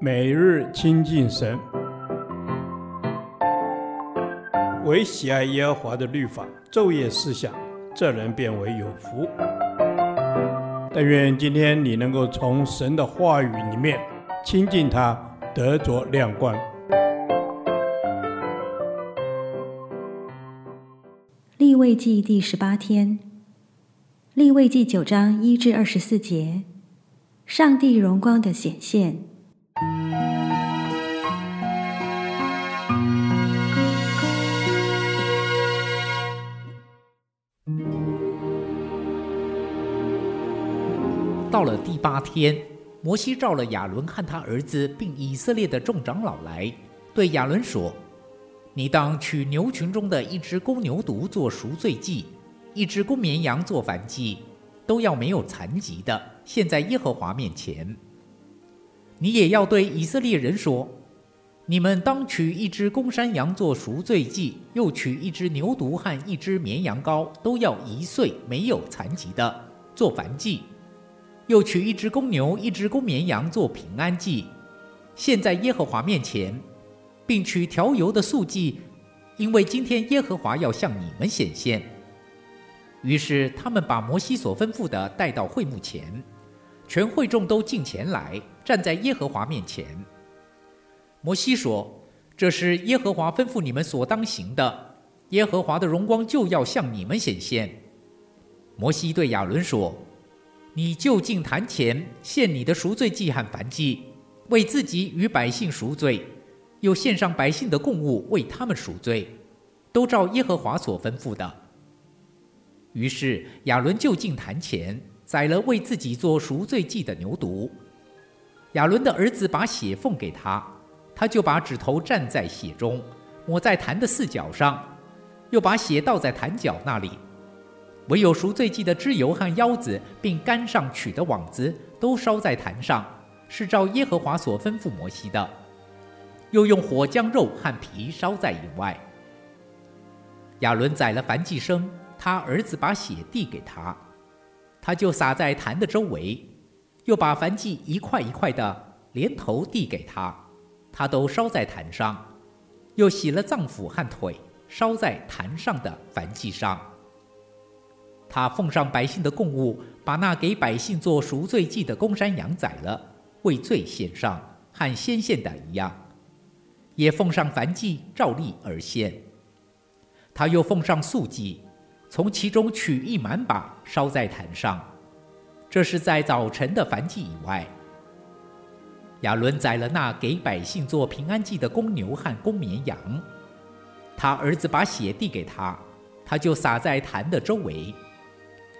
每日親近神，唯喜愛耶和華的律法，晝夜思想，這人便為有福。但願今天你能夠從神的話語裡面親近他，得着亮光。利未記第十八天，利未記九章一至二十四節，上帝榮光的顯現。到了第八天，摩西召了亞倫和他兒子，並以色列的眾長老來，對亞倫說：“你當取牛群中的一隻公牛犢做贖罪祭，一隻公綿羊做燔祭，都要沒有殘疾的，獻在耶和華面前。你也要對以色列人說：你們當取一隻公山羊做贖罪祭，又取一隻牛犢和一隻綿羊羔，都要一歲沒有殘疾的，做燔祭。”又取一隻公牛、一隻公綿羊做平安祭，獻在耶和華面前，並取調油的素祭，因為今天耶和華要向你們顯現。於是他們把摩西所吩咐的帶到會幕前，全會眾都進前來，站在耶和華面前。摩西說：“這是耶和華吩咐你們所當行的，耶和華的榮光就要向你們顯現。”摩西對亞倫說。你就近壇前獻你的贖罪祭和燔祭，為自己與百姓贖罪，又獻上百姓的供物為他們贖罪，都照耶和華所吩咐的。於是亞倫就近壇前宰了為自己做贖罪祭的牛犢，亞倫的兒子把血奉給他，他就把指頭蘸在血中，抹在壇的四角上，又把血倒在壇腳那裡。唯有贖罪祭的脂油和腰子，並肝上取的網子，都燒在壇上，是照耶和華所吩咐摩西的。又用火將肉和皮燒在營外。亞倫宰了燔祭牲，他兒子把血遞給他，他就撒在壇的周圍，又把燔祭一塊一塊的連頭遞給他，他都燒在壇上，又洗了臟腑和腿，燒在壇上的燔祭上。他奉上百姓的供物，把那給百姓做贖罪祭的公山羊宰了，為罪獻上，和先獻的一樣，也奉上燔祭，照例而獻。他又奉上素祭，從其中取一滿把，燒在壇上。這是在早晨的燔祭以外。亞倫宰了那給百姓做平安祭的公牛和公綿羊，他兒子把血遞給他，他就灑在壇的周圍。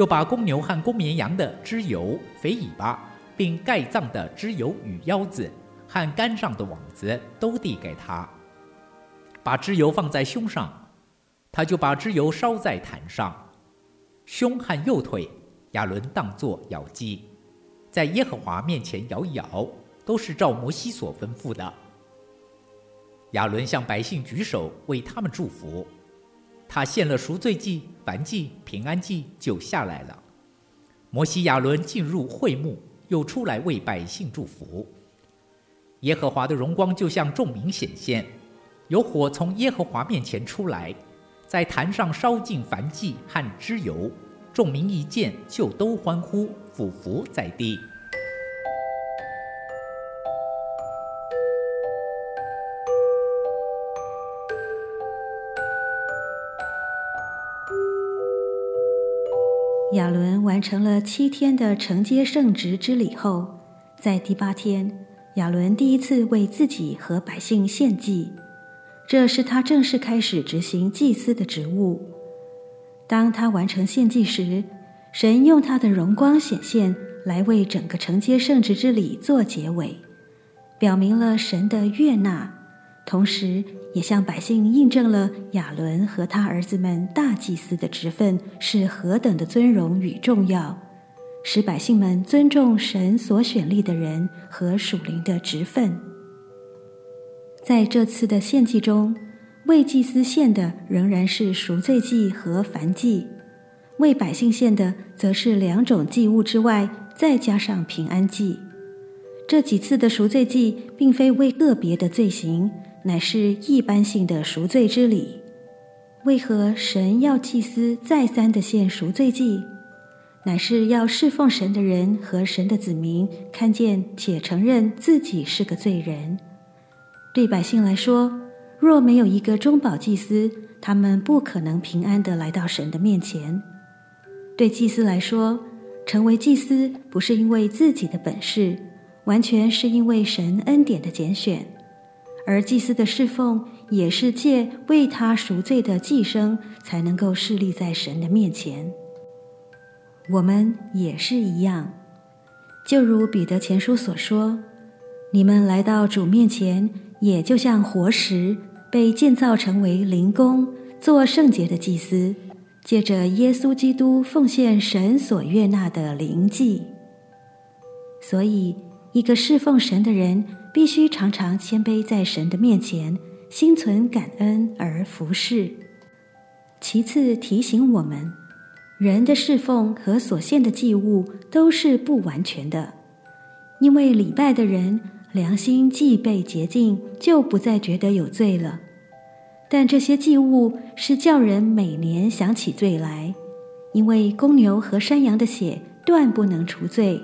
又把公牛和公綿羊的脂油、肥尾巴，並蓋臟的脂油與腰子，和肝上的網子都遞給他，把脂油放在胸上，他就把脂油燒在壇上，胸和右腿，亞倫當作搖祭，在耶和華面前搖一搖，都是照摩西所吩咐的。亞倫向百姓舉手為他們祝福。他獻了贖罪祭、燔祭、平安祭，就下來了。摩西、亞倫進入會幕，又出來為百姓祝福。耶和華的榮光就向眾民顯現，有火從耶和華面前出來，在壇上燒盡燔祭和脂油。眾民一見，就都歡呼，俯伏在地。亞倫完成了七天的承接聖職之禮後，在第八天，亞倫第一次為自己和百姓獻祭，這是他正式開始執行祭司的職務。當他完成獻祭時，神用他的榮光顯現來為整個承接聖職之禮做結尾，表明了神的悅納。同時也向百姓印證了亞倫和他兒子們大祭司的職分是何等的尊榮與重要，使百姓們尊重神所選立的人和屬靈的職分。在這次的獻祭中，為祭司獻的仍然是贖罪祭和燔祭，為百姓獻的則是兩種祭物之外再加上平安祭。這幾次的贖罪祭並非為個別的罪行。乃是一般性的贖罪之禮，為何神要祭司再三的獻贖罪祭？乃是要侍奉神的人和神的子民看見且承認自己是個罪人。對百姓來說，若沒有一個中保祭司，他們不可能平安的來到神的面前。對祭司來說，成為祭司不是因為自己的本事，完全是因為神恩典的揀選。而祭司的侍奉也是借為他贖罪的祭牲才能夠侍立在神的面前。我們也是一樣，就如彼得前書所說：“你們來到主面前，也就像活石被建造成為靈宮，做聖潔的祭司，借着耶穌基督奉獻神所悅納的靈祭。”所以，一個侍奉神的人。必須常常謙卑在神的面前，心存感恩而服侍。其次提醒我們，人的侍奉和所獻的祭物都是不完全的，因為禮拜的人良心既被潔淨，就不再覺得有罪了。但這些祭物是叫人每年想起罪來，因為公牛和山羊的血斷不能除罪。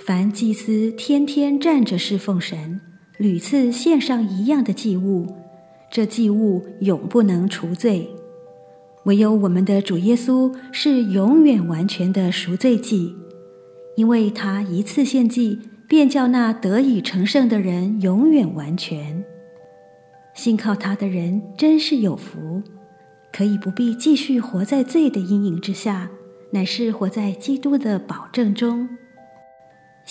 凡祭司天天站着侍奉神，屢次獻上一樣的祭物，這祭物永不能除罪。唯有我們的主耶穌是永遠完全的贖罪祭，因為他一次獻祭，便叫那得以成聖的人永遠完全。信靠他的人真是有福，可以不必繼續活在罪的陰影之下，乃是活在基督的保證中。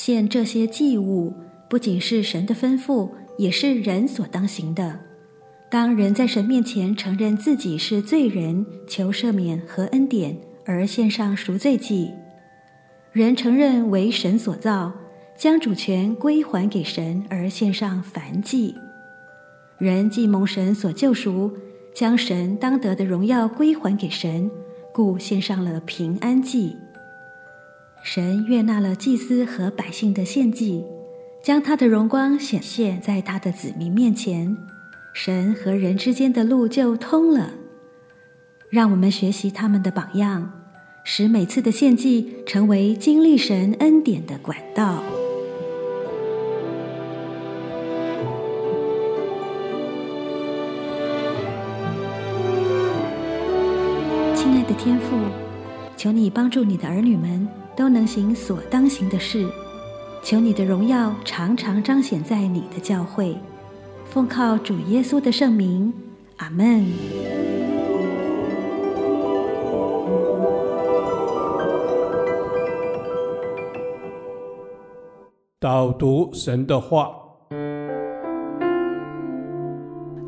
獻這些祭物，不僅是神的吩咐，也是人所當行的。當人在神面前承認自己是罪人，求赦免和恩典，而獻上贖罪祭；人承認為神所造，將主權歸還給神，而獻上燔祭；人既蒙神所救贖，將神當得的榮耀歸還給神，故獻上了平安祭。神悅納了祭司和百姓的獻祭，將他的榮光顯現在他的子民面前，神和人之間的路就通了。讓我們學習他們的榜樣，使每次的獻祭成為經歷神恩典的管道。親愛的天父。求你幫助你的兒女們都能行所當行的事，求你的榮耀常常彰顯在你的教會。奉靠主耶穌的聖名，阿門。導讀神的話，《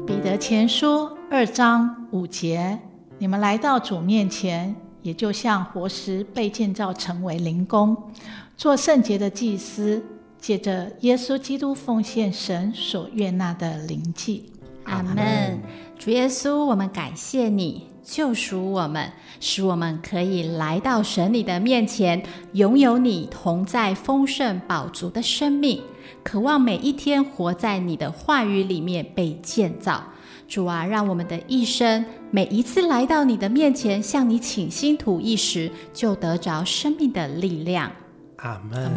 彼得前書》二章五節：你們來到主面前。也就像活石，被建造成為靈宮，做聖潔的祭司，借着耶穌基督奉獻神所悅納的靈祭。阿門。主耶穌，我們感謝你救贖我們，使我們可以來到神你的面前，擁有你同在豐盛寶足的生命，渴望每一天活在你的話語裡面被建造。主啊，讓我們的一生每一次來到你的面前，向你傾心吐意時，就得着生命的力量。阿門。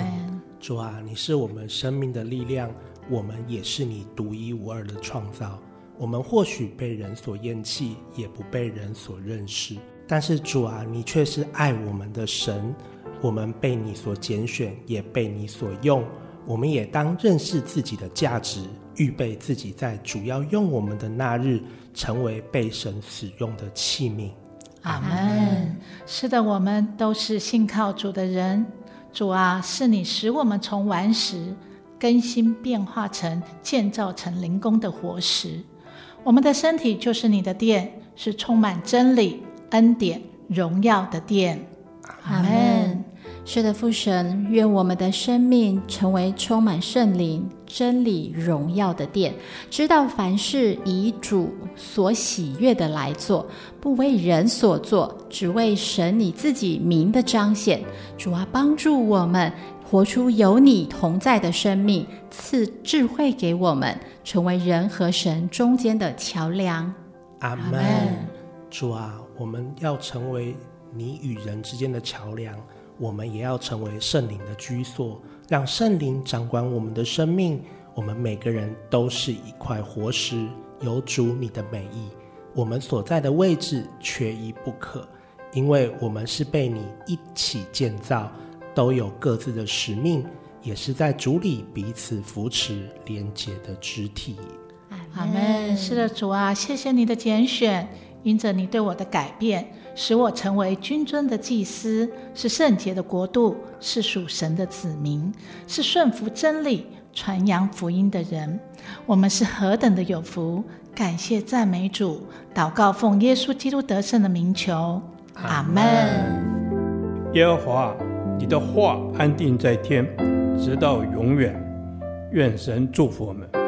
主啊，你是我們生命的力量，我們也是你獨一無二的創造。我們或許被人所厭棄，也不被人所認識，但是主啊，你卻是愛我們的神。我們被你所揀選，也被你所用。我們也當認識自己的價值。預備自己，在主要用我們的那日，成為被神使用的器皿。阿門。是的，我們都是信靠主的人。主啊，是你使我們從頑石更新變化成、建造成靈宮的活石。我們的身體就是你的殿，是充滿真理、恩典、榮耀的殿。阿門。Amen 是的，父神，願我們的生命成為充滿聖靈、真理、榮耀的殿。知道凡事以主所喜悅的來做，不為人所做，只為神你自己名的彰顯。主啊，幫助我們活出有你同在的生命，賜智慧給我們，成為人和神中間的橋樑。阿門。主啊，我們要成為你與人之間的橋樑。我們也要成為聖靈的居所，讓聖靈掌管我們的生命。我們每個人都是一塊活石，有主你的美意。我們所在的位置缺一不可，因為我們是被你一起建造，都有各自的使命，也是在主裡彼此扶持、連接的肢體。阿們。是的，主啊，謝謝你的揀選，因着你對我的改變。使我成為君尊的祭司，是聖潔的國度，是屬神的子民，是順服真理、傳揚福音的人。我們是何等的有福！感謝讚美主，禱告奉耶穌基督得勝的名求，阿門。耶和華啊，你的話安定在天，直到永遠。願神祝福我們。